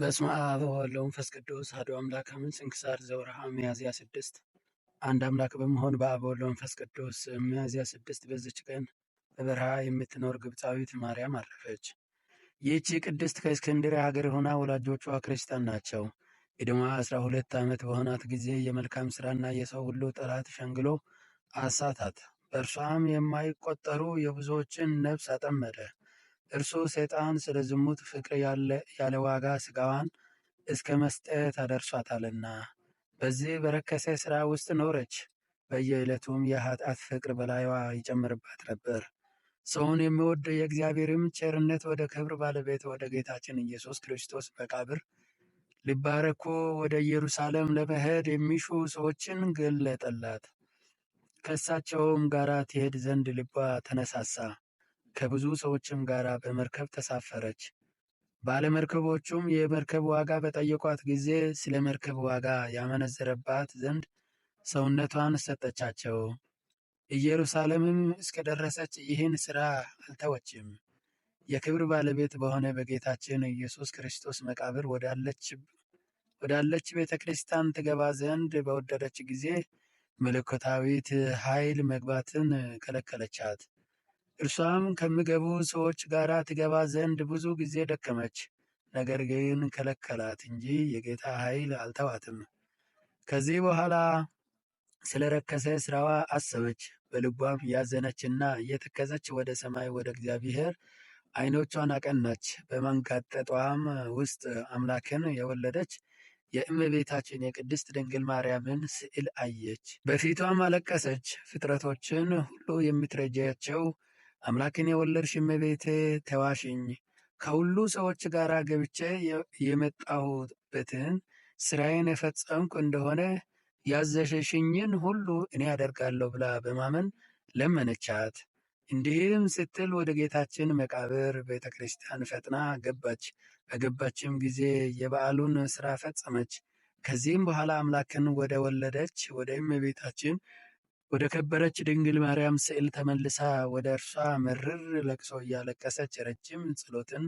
በስመ አብ ወወልድ ወመንፈስ ቅዱስ አሐዱ አምላክ አሜን። ስንክሳር ዘወርኀ ሚያዝያ ስድስት አንድ አምላክ በመሆን በአብ ወወልድ ወመንፈስ ቅዱስ። ሚያዝያ ስድስት በዚች ቀን በበረሃ የምትኖር ግብፃዊት ማርያም አረፈች። ይህቺ ቅድስት ከእስክንድርያ ሀገር ሆና ወላጆቿ ክርስቲያን ናቸው። ዕድሜዋ አስራ ሁለት ዓመት በሆናት ጊዜ የመልካም ሥራና የሰው ሁሉ ጠላት ሸንግሎ አሳታት። በእርሷም የማይቆጠሩ የብዙዎችን ነፍስ አጠመደ። እርሱ ሰይጣን ስለ ዝሙት ፍቅር ያለ ዋጋ ስጋዋን እስከ መስጠት አደርሷታልና በዚህ በረከሰ ሥራ ውስጥ ኖረች። በየዕለቱም የኃጢአት ፍቅር በላይዋ ይጨምርባት ነበር። ሰውን የሚወድ የእግዚአብሔርም ቸርነት ወደ ክብር ባለቤት ወደ ጌታችን ኢየሱስ ክርስቶስ መቃብር ሊባረኩ ወደ ኢየሩሳሌም ለመሄድ የሚሹ ሰዎችን ገለጠላት። ከእሳቸውም ጋር ትሄድ ዘንድ ልቧ ተነሳሳ። ከብዙ ሰዎችም ጋር በመርከብ ተሳፈረች። ባለመርከቦቹም የመርከብ ዋጋ በጠየቋት ጊዜ ስለ መርከብ ዋጋ ያመነዘረባት ዘንድ ሰውነቷን ሰጠቻቸው። ኢየሩሳሌምም እስከደረሰች ይህን ሥራ አልተወችም። የክብር ባለቤት በሆነ በጌታችን ኢየሱስ ክርስቶስ መቃብር ወዳለች ቤተ ክርስቲያን ትገባ ዘንድ በወደደች ጊዜ መለኮታዊት ኃይል መግባትን ከለከለቻት። እርሷም ከሚገቡ ሰዎች ጋር ትገባ ዘንድ ብዙ ጊዜ ደከመች፣ ነገር ግን ከለከላት እንጂ የጌታ ኃይል አልተዋትም። ከዚህ በኋላ ስለ ረከሰ አሰበች፣ በልቧም ያዘነችና እየተከዘች ወደ ሰማይ ወደ እግዚአብሔር ዓይኖቿን አቀናች። በመንጋጠጧም ውስጥ አምላክን የወለደች የእመቤታችን የቅድስት ድንግል ማርያምን ስዕል አየች። በፊቷም አለቀሰች። ፍጥረቶችን ሁሉ የምትረጃቸው አምላክን የወለድሽ እመቤቴ ተዋሽኝ፣ ከሁሉ ሰዎች ጋር ገብቼ የመጣሁበትን ስራዬን የፈጸምኩ እንደሆነ ያዘሸሽኝን ሁሉ እኔ አደርጋለሁ ብላ በማመን ለመነቻት። እንዲህም ስትል ወደ ጌታችን መቃብር ቤተ ክርስቲያን ፈጥና ገባች። በገባችም ጊዜ የበዓሉን ስራ ፈጸመች። ከዚህም በኋላ አምላክን ወደ ወለደች ወደ እመቤታችን ወደ ከበረች ድንግል ማርያም ስዕል ተመልሳ ወደ እርሷ ምርር ለቅሶ እያለቀሰች ረጅም ጸሎትን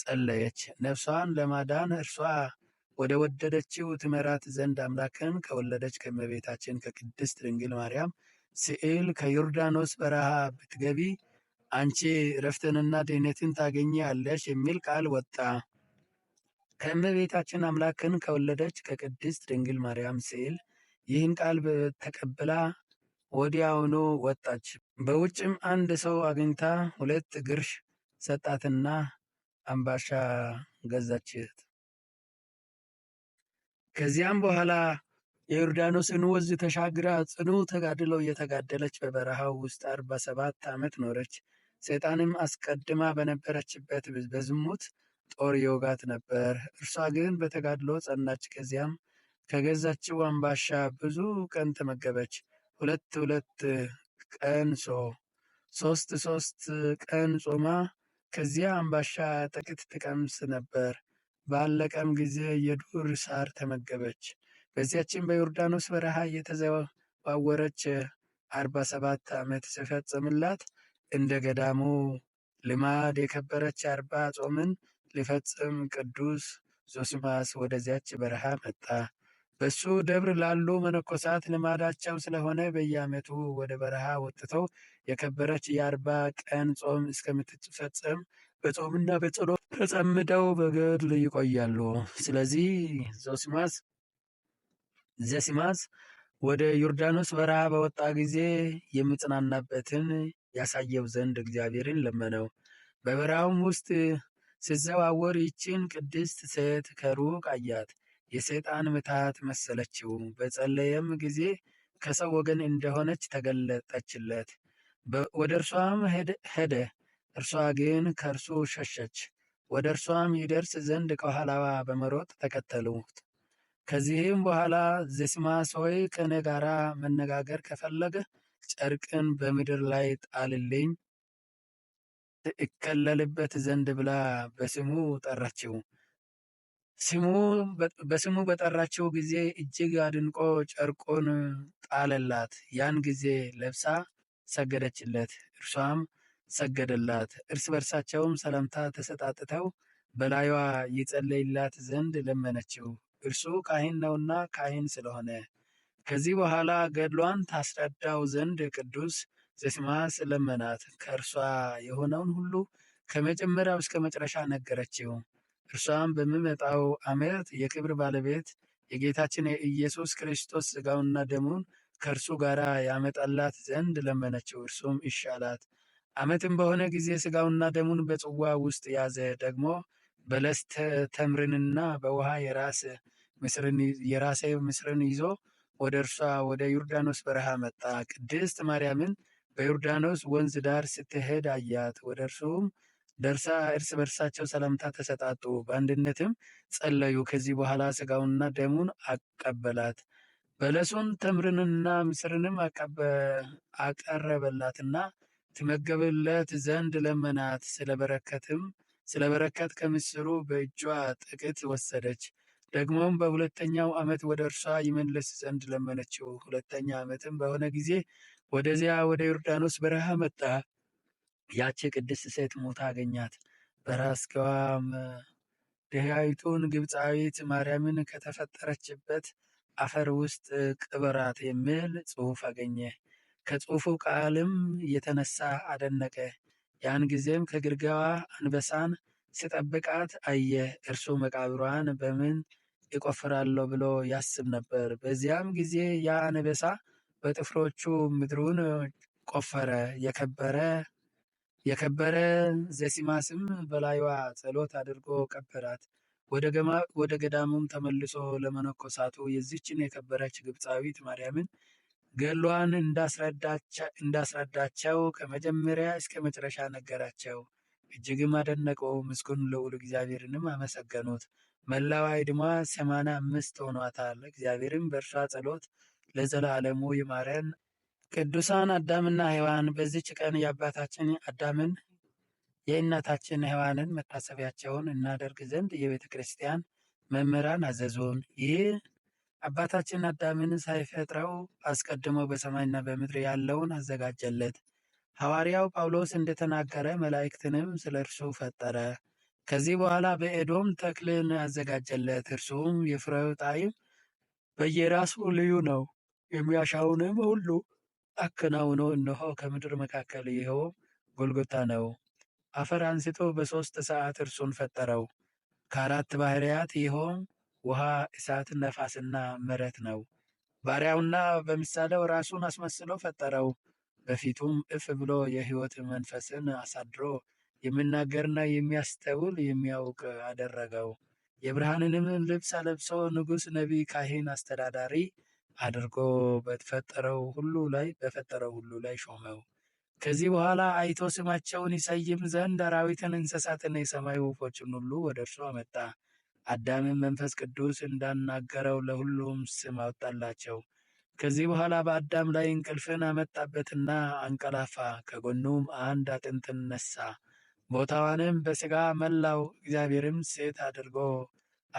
ጸለየች። ነፍሷን ለማዳን እርሷ ወደ ወደደችው ትመራት ዘንድ አምላክን ከወለደች ከእመቤታችን ከቅድስት ድንግል ማርያም ስዕል ከዮርዳኖስ በረሃ ብትገቢ አንቺ ረፍትንና ድህነትን ታገኛለሽ የሚል ቃል ወጣ። ከእመቤታችን አምላክን ከወለደች ከቅድስት ድንግል ማርያም ስዕል ይህን ቃል ተቀብላ ወዲያውኑ ወጣች። በውጭም አንድ ሰው አግኝታ ሁለት ግርሽ ሰጣትና አምባሻ ገዛችት። ከዚያም በኋላ የዮርዳኖስን ወንዝ ተሻግራ ጽኑ ተጋድሎ እየተጋደለች በበረሃው ውስጥ አርባ ሰባት ዓመት ኖረች። ሰይጣንም አስቀድማ በነበረችበት በዝሙት ጦር የውጋት ነበር። እርሷ ግን በተጋድሎ ጸናች። ከዚያም ከገዛችው አምባሻ ብዙ ቀን ተመገበች። ሁለት ሁለት ቀን ጾ ሶስት ሶስት ቀን ጾማ ከዚያ አምባሻ ጥቂት ትቀምስ ነበር። ባለቀም ጊዜ የዱር ሳር ተመገበች። በዚያችን በዮርዳኖስ በረሃ እየተዘዋወረች አርባ ሰባት ዓመት ሲፈጽምላት እንደ ገዳሙ ልማድ የከበረች አርባ ጾምን ሊፈጽም ቅዱስ ዞስማስ ወደዚያች በረሃ መጣ። በሱ ደብር ላሉ መነኮሳት ልማዳቸው ስለሆነ በየዓመቱ ወደ በረሃ ወጥተው የከበረች የአርባ ቀን ጾም እስከምትፈጸም በጾምና በጸሎት ተጸምደው በገድል ይቆያሉ። ስለዚህ ዞሲማስ ዘሲማስ ወደ ዮርዳኖስ በረሃ በወጣ ጊዜ የምጽናናበትን ያሳየው ዘንድ እግዚአብሔርን ለመነው። በበረሃውም ውስጥ ሲዘዋወር ይችን ቅድስት ሴት ከሩቅ አያት። የሰይጣን ምታት መሰለችው። በጸለየም ጊዜ ከሰው ወገን እንደሆነች ተገለጠችለት። ወደ እርሷም ሄደ፣ እርሷ ግን ከእርሱ ሸሸች። ወደ እርሷም ይደርስ ዘንድ ከኋላዋ በመሮጥ ተከተሉት። ከዚህም በኋላ ዜስማስ ሆይ ከእኔ ጋር መነጋገር ከፈለገ ጨርቅን በምድር ላይ ጣልልኝ እከለልበት ዘንድ ብላ በስሙ ጠራችው። በስሙ በጠራቸው ጊዜ እጅግ አድንቆ ጨርቁን ጣለላት። ያን ጊዜ ለብሳ ሰገደችለት፣ እርሷም ሰገደላት። እርስ በርሳቸውም ሰላምታ ተሰጣጥተው በላዩዋ ይጸለይላት ዘንድ ለመነችው፣ እርሱ ካህን ነውና ካህን ስለሆነ። ከዚህ በኋላ ገድሏን ታስረዳው ዘንድ ቅዱስ ዘስማስ ለመናት። ከእርሷ የሆነውን ሁሉ ከመጀመሪያው እስከ መጨረሻ ነገረችው። እርሷም በሚመጣው ዓመት የክብር ባለቤት የጌታችን የኢየሱስ ክርስቶስ ስጋውና ደሙን ከእርሱ ጋር ያመጣላት ዘንድ ለመነችው። እርሱም ይሻላት። አመትም ዓመትም በሆነ ጊዜ ስጋውና ደሙን በጽዋ ውስጥ ያዘ። ደግሞ በለስ ተምርንና በውሃ የራሴ ምስርን ይዞ ወደ እርሷ ወደ ዮርዳኖስ በረሃ መጣ። ቅድስት ማርያምን በዮርዳኖስ ወንዝ ዳር ስትሄድ አያት። ወደ እርሱም ደርሳ እርስ በርሳቸው ሰላምታ ተሰጣጡ፣ በአንድነትም ጸለዩ። ከዚህ በኋላ ስጋውንና ደሙን አቀበላት። በለሱን ተምርንና ምስርንም አቀረበላትና ትመገብለት ዘንድ ለመናት። ስለበረከትም ስለበረከት ከምስሩ በእጇ ጥቂት ወሰደች። ደግሞም በሁለተኛው ዓመት ወደ እርሷ ይመለስ ዘንድ ለመነችው። ሁለተኛ ዓመትም በሆነ ጊዜ ወደዚያ ወደ ዮርዳኖስ በረሃ መጣ። ያቺ ቅድስት ሴት ሞታ አገኛት። በራስጌዋም ድሃይቱን ግብፃዊት ማርያምን ከተፈጠረችበት አፈር ውስጥ ቅበራት የሚል ጽሑፍ አገኘ። ከጽሑፉ ቃልም የተነሳ አደነቀ። ያን ጊዜም ከግርጌዋ አንበሳን ሲጠብቃት አየ። እርሱ መቃብሯን በምን ይቆፍራለሁ ብሎ ያስብ ነበር። በዚያም ጊዜ ያ አንበሳ በጥፍሮቹ ምድሩን ቆፈረ። የከበረ የከበረ ዘሲማስም በላይዋ ጸሎት አድርጎ ቀበራት። ወደ ገዳሙም ተመልሶ ለመነኮሳቱ የዚችን የከበረች ግብፃዊት ማርያምን ገሏን እንዳስረዳቸው ከመጀመሪያ እስከ መጨረሻ ነገራቸው። እጅግም አደነቀው ምስጉን ልዑል እግዚአብሔርንም አመሰገኑት። መላዋ ዕድሜዋ ሰማንያ አምስት ሆኗታል። እግዚአብሔርም በእርሷ ጸሎት ለዘላለሙ ይማረን ቅዱሳን አዳምና ሔዋን በዚች ቀን የአባታችን አዳምን የእናታችን ሔዋንን መታሰቢያቸውን እናደርግ ዘንድ የቤተ ክርስቲያን መምህራን አዘዙን። ይህ አባታችን አዳምን ሳይፈጥረው አስቀድሞ በሰማይና በምድር ያለውን አዘጋጀለት። ሐዋርያው ጳውሎስ እንደተናገረ መላእክትንም ስለ እርሱ ፈጠረ። ከዚህ በኋላ በኤዶም ተክልን አዘጋጀለት። እርሱም የፍሬው ጣዕም በየራሱ ልዩ ነው። የሚያሻውንም ሁሉ አከናውኖ እነሆ ከምድር መካከል ይኸው ጎልጎታ ነው። አፈር አንስቶ በሦስት ሰዓት እርሱን ፈጠረው። ከአራት ባህርያት ይኸውም ውሃ፣ እሳት፣ ነፋስና መሬት ነው። ባሪያውና በምሳሌው ራሱን አስመስሎ ፈጠረው። በፊቱም እፍ ብሎ የሕይወት መንፈስን አሳድሮ የሚናገርና የሚያስተውል የሚያውቅ አደረገው። የብርሃንንም ልብስ አለብሶ ንጉሥ፣ ነቢይ፣ ካህን፣ አስተዳዳሪ አድርጎ በፈጠረው ሁሉ ላይ በፈጠረው ሁሉ ላይ ሾመው። ከዚህ በኋላ አይቶ ስማቸውን ይሰይም ዘንድ አራዊትን፣ እንስሳትን፣ የሰማይ ወፎችን ሁሉ ወደ እርሱ አመጣ። አዳምን መንፈስ ቅዱስ እንዳናገረው ለሁሉም ስም አወጣላቸው። ከዚህ በኋላ በአዳም ላይ እንቅልፍን አመጣበትና አንቀላፋ። ከጎኑም አንድ አጥንትን ነሳ። ቦታዋንም በስጋ መላው። እግዚአብሔርም ሴት አድርጎ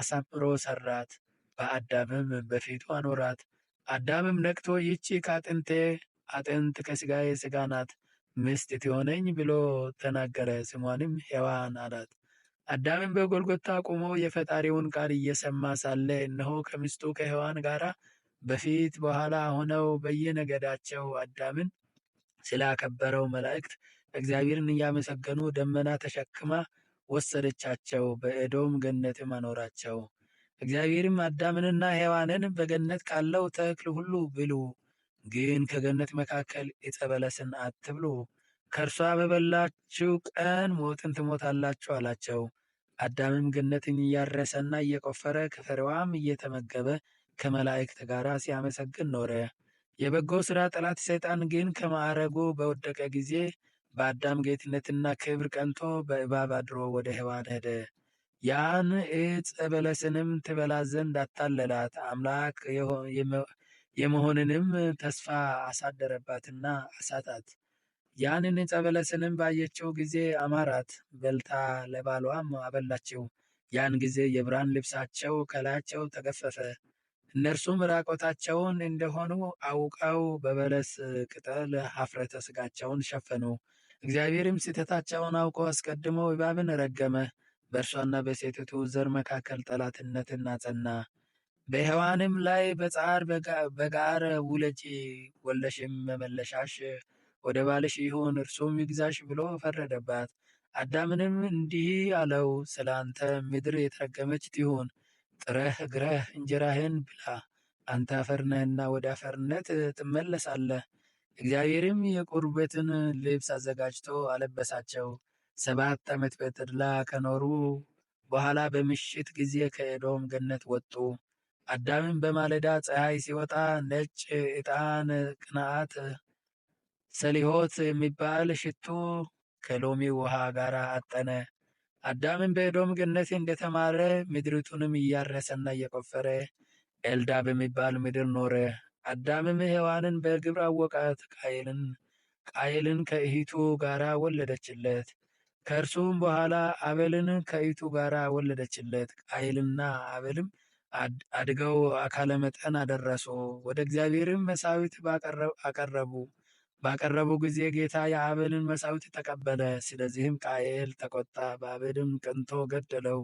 አሳምሮ ሰራት፣ በአዳምም በፊቱ አኖራት። አዳምም ነቅቶ ይቺ ከአጥንቴ አጥንት ከስጋዬ ስጋ ናት ሚስት ትሆነኝ ብሎ ተናገረ። ስሟንም ሔዋን አላት። አዳምም በጎልጎታ ቆሞ የፈጣሪውን ቃል እየሰማ ሳለ እነሆ ከምስጡ ከሔዋን ጋራ በፊት በኋላ ሆነው በየነገዳቸው አዳምን ስላከበረው መላእክት እግዚአብሔርን እያመሰገኑ ደመና ተሸክማ ወሰደቻቸው። በኤዶም ገነትም አኖራቸው። እግዚአብሔርም አዳምንና ሔዋንን በገነት ካለው ተክል ሁሉ ብሉ፣ ግን ከገነት መካከል የጸበለስን አትብሉ፣ ከእርሷ በበላችሁ ቀን ሞትን ትሞታላችሁ አላቸው። አዳምም ገነትን እያረሰና እየቆፈረ ከፍሬዋም እየተመገበ ከመላእክት ጋር ሲያመሰግን ኖረ። የበጎ ሥራ ጠላት ሰይጣን ግን ከማዕረጉ በወደቀ ጊዜ በአዳም ጌትነትና ክብር ቀንቶ በእባብ አድሮ ወደ ሔዋን ሄደ። ያን ዕፀ በለስንም ትበላ ዘንድ አታለላት። አምላክ የመሆንንም ተስፋ አሳደረባትና አሳታት። ያንን ዕፀ በለስንም ባየችው ጊዜ አማራት፣ በልታ ለባሏም አበላችው። ያን ጊዜ የብርሃን ልብሳቸው ከላያቸው ተገፈፈ። እነርሱም ራቆታቸውን እንደሆኑ አውቀው በበለስ ቅጠል ሀፍረተ ሥጋቸውን ሸፈኑ። እግዚአብሔርም ስህተታቸውን አውቆ አስቀድሞ እባብን ረገመ። በእርሷና በሴቲቱ ዘር መካከል ጠላትነትን አጸና። በሔዋንም ላይ በጻር በጋር ውለጪ ወለሽም መመለሻሽ ወደ ባልሽ ይሁን እርሱም ይግዛሽ ብሎ ፈረደባት። አዳምንም እንዲህ አለው፣ ስለ አንተ ምድር የተረገመች ትሁን፣ ጥረህ እግረህ እንጀራህን ብላ፣ አንተ አፈር ወደ አፈርነት ትመለሳለህ። እግዚአብሔርም የቁርበትን ልብስ አዘጋጅቶ አለበሳቸው። ሰባት ዓመት በተድላ ከኖሩ በኋላ በምሽት ጊዜ ከኤዶም ገነት ወጡ። አዳምም በማለዳ ፀሐይ ሲወጣ ነጭ ዕጣን ቅንዓት ሰሊሆት የሚባል ሽቱ ከሎሚ ውሃ ጋር አጠነ። አዳምም በኤዶም ገነት እንደተማረ ምድሪቱንም እያረሰና እየቆፈረ ኤልዳ በሚባል ምድር ኖረ። አዳምም ሔዋንን በግብር አወቃት። ቃየልን ቃየልን ከእህቱ ጋራ ወለደችለት። ከእርሱም በኋላ አቤልን ከይቱ ጋር ወለደችለት። ቃየልና አቤልም አድገው አካለ መጠን አደረሱ። ወደ እግዚአብሔርም መሥዋዕት አቀረቡ። ባቀረቡ ጊዜ ጌታ የአቤልን መሥዋዕት ተቀበለ። ስለዚህም ቃየል ተቆጣ፣ በአቤልም ቅንቶ ገደለው።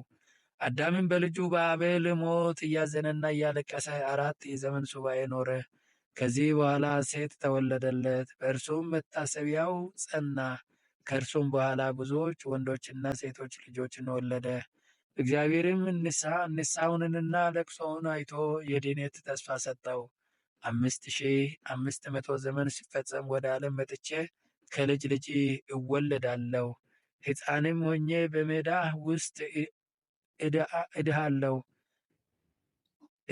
አዳምም በልጁ በአቤል ሞት እያዘነና እያለቀሰ አራት የዘመን ሱባኤ ኖረ። ከዚህ በኋላ ሴት ተወለደለት፣ በእርሱም መታሰቢያው ጸና። ከእርሱም በኋላ ብዙዎች ወንዶችና ሴቶች ልጆችን ወለደ። እግዚአብሔርም እንሳውንንና ለቅሶውን አይቶ የድኔት ተስፋ ሰጠው። አምስት ሺህ አምስት መቶ ዘመን ሲፈጸም ወደ ዓለም መጥቼ ከልጅ ልጅ እወለዳለሁ፣ ሕፃንም ሆኜ በሜዳ ውስጥ እድሃለሁ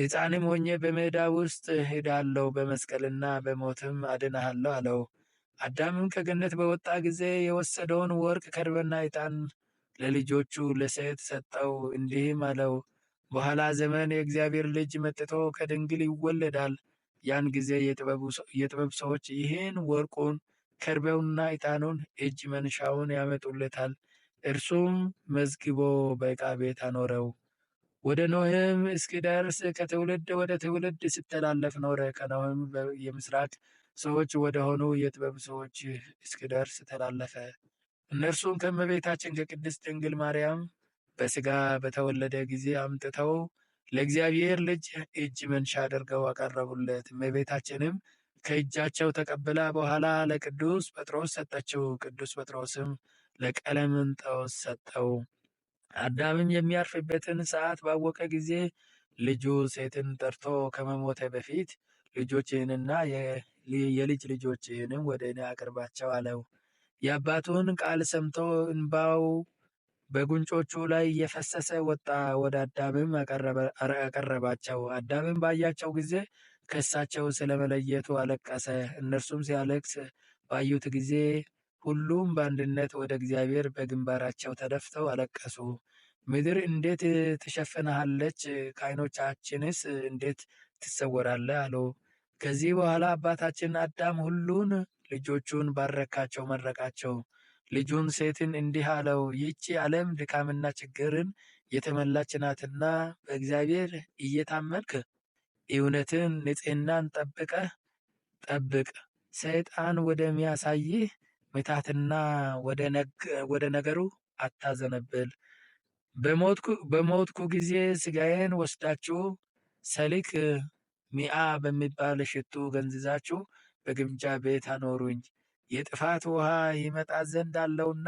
ሕፃንም ሆኜ በሜዳ ውስጥ እሄዳለሁ፣ በመስቀልና በሞትም አድንሃለሁ አለው። አዳምም ከገነት በወጣ ጊዜ የወሰደውን ወርቅ ከርበና ዕጣን ለልጆቹ ለሴት ሰጠው፣ እንዲህም አለው፣ በኋላ ዘመን የእግዚአብሔር ልጅ መጥቶ ከድንግል ይወለዳል። ያን ጊዜ የጥበብ ሰዎች ይህን ወርቁን ከርበውና ዕጣኑን እጅ መንሻውን ያመጡለታል። እርሱም መዝግቦ በዕቃ ቤት አኖረው። ወደ ኖህም እስኪደርስ ከትውልድ ወደ ትውልድ ሲተላለፍ ኖረ። ከኖህም የምስራቅ ሰዎች ወደሆኑ የጥበብ ሰዎች እስኪደርስ ተላለፈ። እነርሱም ከእመቤታችን ከቅድስት ድንግል ማርያም በስጋ በተወለደ ጊዜ አምጥተው ለእግዚአብሔር ልጅ እጅ መንሻ አድርገው አቀረቡለት። እመቤታችንም ከእጃቸው ተቀብላ በኋላ ለቅዱስ ጴጥሮስ ሰጠችው። ቅዱስ ጴጥሮስም ለቀለምንጦስ ሰጠው። አዳምም የሚያርፍበትን ሰዓት ባወቀ ጊዜ ልጁ ሴትን ጠርቶ ከመሞተ በፊት ልጆችህንና የልጅ ልጆችህንም ወደ እኔ አቅርባቸው አለው። የአባቱን ቃል ሰምቶ እንባው በጉንጮቹ ላይ እየፈሰሰ ወጣ። ወደ አዳምም አቀረባቸው። አዳምም ባያቸው ጊዜ ከእሳቸው ስለመለየቱ አለቀሰ። እነርሱም ሲያለቅስ ባዩት ጊዜ ሁሉም በአንድነት ወደ እግዚአብሔር በግንባራቸው ተደፍተው አለቀሱ። ምድር እንዴት ትሸፍንሃለች? ከዓይኖቻችንስ እንዴት ትሰወራለህ አለው። ከዚህ በኋላ አባታችን አዳም ሁሉን ልጆቹን ባረካቸው፣ መረቃቸው። ልጁን ሴትን እንዲህ አለው፣ ይህች ዓለም ድካምና ችግርን የተመላች ናትና በእግዚአብሔር እየታመንክ እውነትን፣ ንጽህናን ጠብቀ ጠብቅ። ሰይጣን ወደሚያሳይህ ምታትና ወደ ነገሩ አታዘነብል። በሞትኩ ጊዜ ስጋዬን ወስዳችሁ ሰሊክ ሚአ በሚባል ሽቱ ገንዝዛችሁ በግምጃ ቤት አኖሩኝ። የጥፋት ውሃ ይመጣ ዘንድ አለውና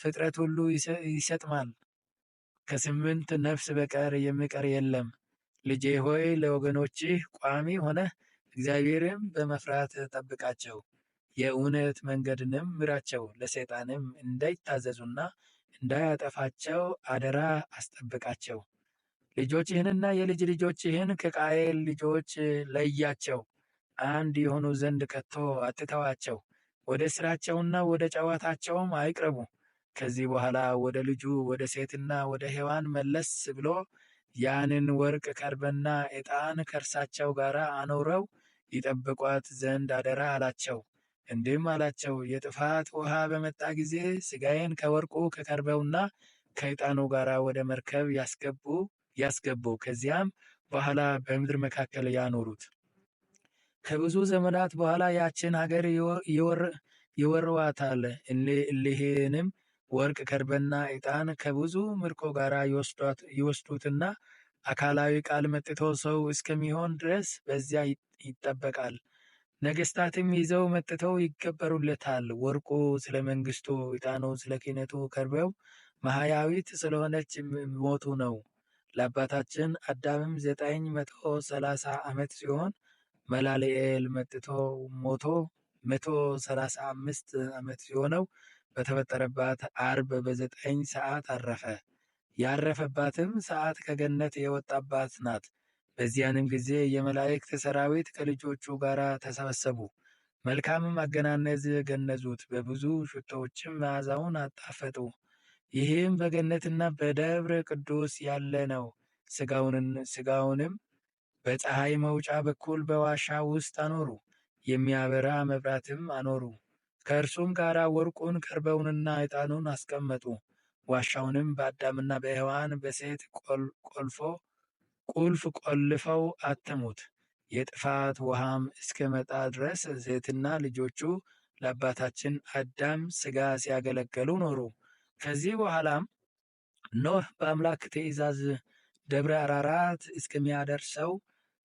ፍጥረት ሁሉ ይሰጥማል። ከስምንት ነፍስ በቀር የሚቀር የለም። ልጄ ሆይ ለወገኖችህ ቋሚ ሆነህ እግዚአብሔርም በመፍራት ጠብቃቸው። የእውነት መንገድንም ምራቸው፣ ለሰይጣንም እንዳይታዘዙና እንዳያጠፋቸው አደራ አስጠብቃቸው። ልጆችህንና የልጅ ልጆችህን ከቃየል ልጆች ለያቸው፣ አንድ የሆኑ ዘንድ ከቶ አትተዋቸው። ወደ ስራቸውና ወደ ጨዋታቸውም አይቅረቡ። ከዚህ በኋላ ወደ ልጁ ወደ ሴትና ወደ ሔዋን መለስ ብሎ ያንን ወርቅ ከርበና ዕጣን ከእርሳቸው ጋር አኖረው ይጠብቋት ዘንድ አደራ አላቸው። እንዲህም አላቸው፣ የጥፋት ውሃ በመጣ ጊዜ ስጋዬን ከወርቁ ከከርበውና ከዕጣኑ ጋር ወደ መርከብ ያስገቡ ያስገባው ከዚያም በኋላ በምድር መካከል ያኖሩት። ከብዙ ዘመናት በኋላ ያችን ሀገር ይወርዋታል። እሊህንም ወርቅ፣ ከርበና ዕጣን ከብዙ ምርኮ ጋር ይወስዱትና አካላዊ ቃል መጥቶ ሰው እስከሚሆን ድረስ በዚያ ይጠበቃል። ነገስታትም ይዘው መጥተው ይገበሩለታል። ወርቁ ስለ መንግስቱ፣ ዕጣኑ ስለ ኪነቱ፣ ከርበው ማህያዊት ስለሆነች ሞቱ ነው። ለአባታችን አዳምም ዘጠኝ መቶ ሰላሳ ዓመት ሲሆን መላልኤል መጥቶ ሞቶ መቶ ሰላሳ አምስት ዓመት ሲሆነው በተፈጠረባት አርብ በዘጠኝ ሰዓት አረፈ። ያረፈባትም ሰዓት ከገነት የወጣባት ናት። በዚያንም ጊዜ የመላእክት ሰራዊት ከልጆቹ ጋር ተሰበሰቡ። መልካምም አገናነዝ ገነዙት፣ በብዙ ሽቶዎችም መዓዛውን አጣፈጡ። ይህም በገነትና በደብረ ቅዱስ ያለ ነው። ስጋውንም በፀሐይ መውጫ በኩል በዋሻ ውስጥ አኖሩ፣ የሚያበራ መብራትም አኖሩ። ከእርሱም ጋር ወርቁን፣ ቀርበውንና ዕጣኑን አስቀመጡ። ዋሻውንም በአዳምና በሔዋን በሴት ቁልፍ ቆልፈው አተሙት። የጥፋት ውሃም እስከመጣ ድረስ ሴትና ልጆቹ ለአባታችን አዳም ስጋ ሲያገለግሉ ኖሩ። ከዚህ በኋላም ኖህ በአምላክ ትእዛዝ ደብረ አራራት እስከሚያደርሰው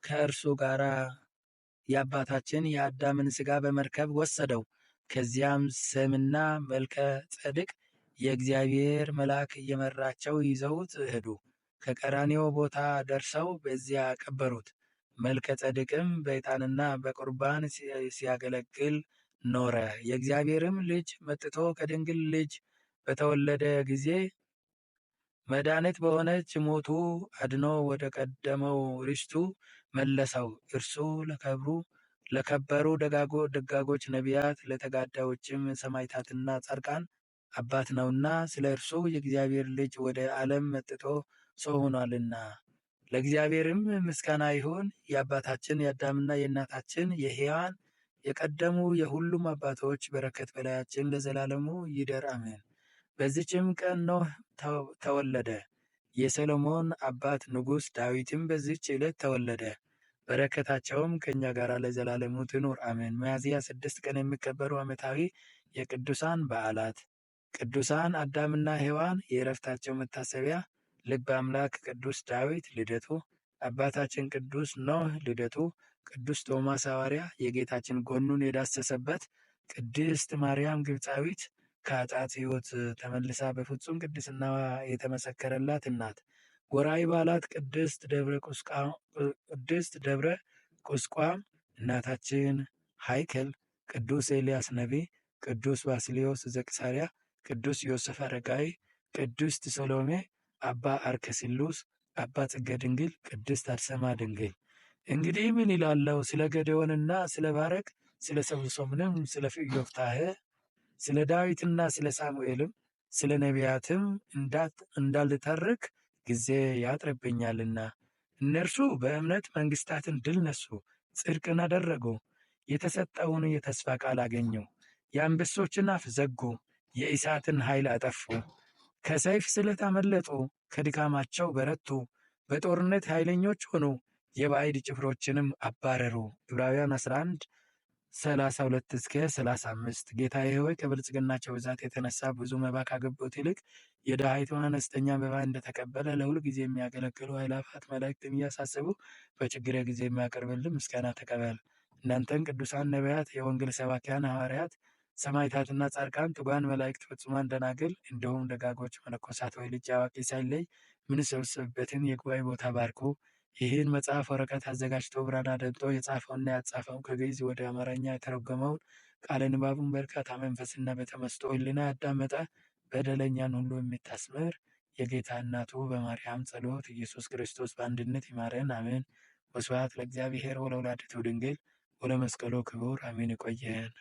ከእርሱ ጋር የአባታችን የአዳምን ሥጋ በመርከብ ወሰደው። ከዚያም ሰምና መልከ ጸድቅ የእግዚአብሔር መልአክ እየመራቸው ይዘውት እህዱ። ከቀራኔው ቦታ ደርሰው በዚያ ቀበሩት። መልከ ጸድቅም በዕጣንና በቁርባን ሲያገለግል ኖረ። የእግዚአብሔርም ልጅ መጥቶ ከድንግል ልጅ በተወለደ ጊዜ መድኃኒት በሆነች ሞቱ አድኖ ወደ ቀደመው ርስቱ መለሰው። እርሱ ለከብሩ ለከበሩ ደጋጎች ነቢያት፣ ለተጋዳዮችም ሰማዕታትና ጻድቃን አባት ነውና ስለ እርሱ የእግዚአብሔር ልጅ ወደ ዓለም መጥቶ ሰው ሆኗልና ለእግዚአብሔርም ምስጋና ይሁን። የአባታችን የአዳምና የእናታችን የሕያዋን የቀደሙ የሁሉም አባቶች በረከት በላያችን ለዘላለሙ ይደር አሜን። በዚችም ቀን ኖህ ተወለደ። የሰሎሞን አባት ንጉሥ ዳዊትም በዚች ዕለት ተወለደ። በረከታቸውም ከእኛ ጋር ለዘላለሙ ትኑር አሜን። ሚያዝያ ስድስት ቀን የሚከበሩ ዓመታዊ የቅዱሳን በዓላት ቅዱሳን አዳምና ሔዋን የእረፍታቸው መታሰቢያ፣ ልበ አምላክ ቅዱስ ዳዊት ልደቱ፣ አባታችን ቅዱስ ኖህ ልደቱ፣ ቅዱስ ቶማስ ሐዋርያ የጌታችን ጎኑን የዳሰሰበት፣ ቅድስት ማርያም ግብፃዊት ከአጣት ሕይወት ተመልሳ በፍጹም ቅድስና የተመሰከረላት እናት ጎራዊ ባላት ቅድስት ደብረ ቁስቋም እናታችን፣ ሀይክል ቅዱስ ኤልያስ ነቢ፣ ቅዱስ ባስልዮስ ዘቅሳሪያ ቅዱስ ዮሴፍ አረጋዊ፣ ቅድስት ሶሎሜ አባ አርከሲሉስ፣ አባ ጽጌ ድንግል፣ ቅድስት አድሰማ ድንግል። እንግዲህ ምን ይላለው ስለ ገደዮንና ስለ ባረቅ ስለ ሰብሶምንም ስለ ኢዮፍታሔ ስለ ዳዊትና ስለ ሳሙኤልም ስለ ነቢያትም እንዳልተርክ ጊዜ ያጥርብኛልና። እነርሱ በእምነት መንግስታትን ድል ነሱ፣ ጽድቅን አደረጉ፣ የተሰጠውን የተስፋ ቃል አገኙ። የአንበሶችን አፍ ዘጉ፣ የእሳትን ኃይል አጠፉ። ከሰይፍ ስለት አመለጡ፣ ከድካማቸው በረቱ፣ በጦርነት ኃይለኞች ሆኑ፣ የባዕድ ጭፍሮችንም አባረሩ። ዕብራውያን 11 ሰላሳ ሁለት እስከ ሰላሳ አምስት ጌታዬ ሆይ ከብልጽግናቸው ብዛት የተነሳ ብዙ መባ ካገቡት ይልቅ የድሃይቱን አነስተኛ መባ እንደተቀበለ ለሁል ጊዜ የሚያገለግሉ ኃይላፋት መላእክትን እያሳሰቡ በችግር ጊዜ የሚያቀርብልን ምስጋና ተቀበል። እናንተን ቅዱሳን ነቢያት፣ የወንጌል ሰባኪያን ሐዋርያት፣ ሰማዕታትና ጻድቃን፣ ትጉሃን መላእክት፣ ፍጹማን ደናግል፣ እንዲሁም ደጋጎች መነኮሳት ወይ ልጅ አዋቂ ሳይለይ ምንሰበሰብበትን የጉባኤ ቦታ ባርኩ። ይህን መጽሐፍ ወረቀት አዘጋጅቶ ብራና ደምጦ የጻፈውና ያጻፈው ከግዕዝ ወደ አማርኛ የተረጎመውን ቃለ ንባቡን በእርካታ መንፈስና በተመስጦ ሕሊና ያዳመጠ በደለኛን ሁሉ የሚታስመር የጌታ እናቱ በማርያም ጸሎት ኢየሱስ ክርስቶስ በአንድነት ይማረን። አሜን። ወስብሐት ለእግዚአብሔር ወለወላዲቱ ድንግል ወለመስቀሉ ክቡር አሜን። ይቆየን።